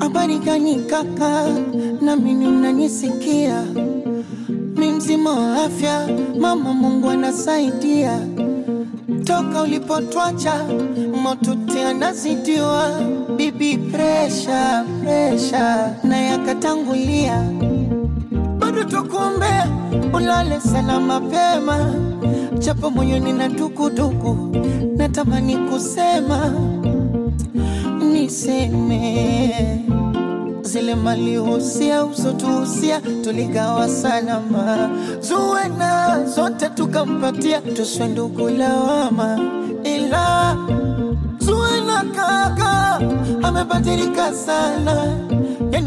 Habari gani kaka, na mimi mnanisikia? Mi mzima wa afya mama, Mungu anasaidia. Toka ulipotwacha motote anazidiwa, bibi presha presha naye akatangulia, bado tukuombea ulale sana mapema japo moyoni na tukutuku, natamani kusema niseme zile malihusia uzotuhusia tuligawa salama, na zote tukampatia, tuswe ndugu lawama, ila na kaka amebadilika sana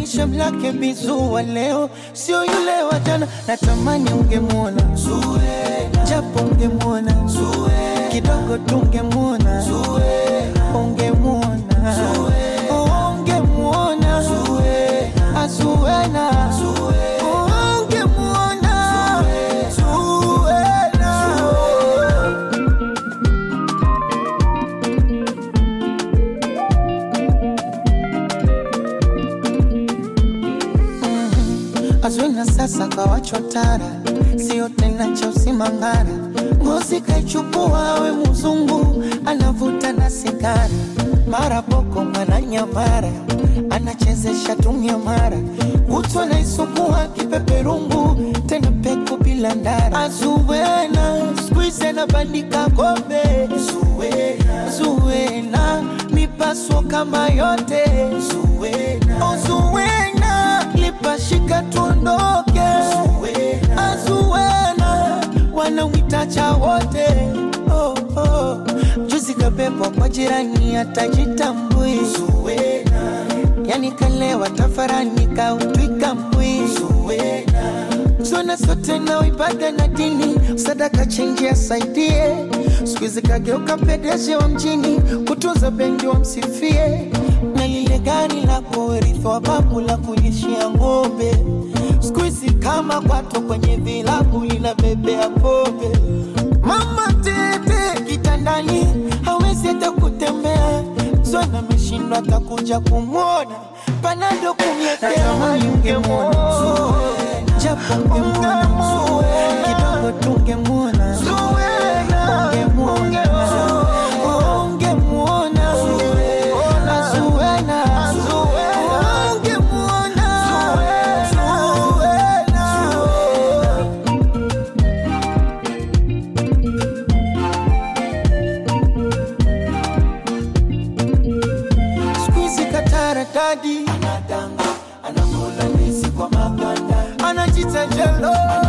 Shabu lake bizua leo sio yule wa jana, natamani ungemwona Zure, japo ungemwona Zure, kidogo tungemwona Hazwina sasa kawachotara wachotara, sio tena cha usimangara. Ngozi kaichukua awe mzungu, anavuta na sigara. Mara boko mwana nyamara, anachezesha tumia mara. Utu anaisukua kipeperungu, tena peku bila ndara. Azuwena, squeeze na bandika kombe. Zuwena, Zuwena, mipaso kama yote. Zuwena uondoke, Azuwena wanauitacha wote oh, oh. Juzi kapepo kwa jirani atajitambui, yani kale tafarani kautwika mbwi zona sote naoibada na dini sadaka chenji asaidie, sikuizi kageuka pedeje wa mjini kutunza bendi wa msifie begani lako, urithi babu la kulishia ng'ombe. Siku hizi kama kwato kwenye vilabu linabebea pombe. Mama tete kitandani hawezi hata kutembea, Zwana ameshindwa atakuja kumwona panado kumwekea, japo ungemwona kidogo tungemwona it's a yellow.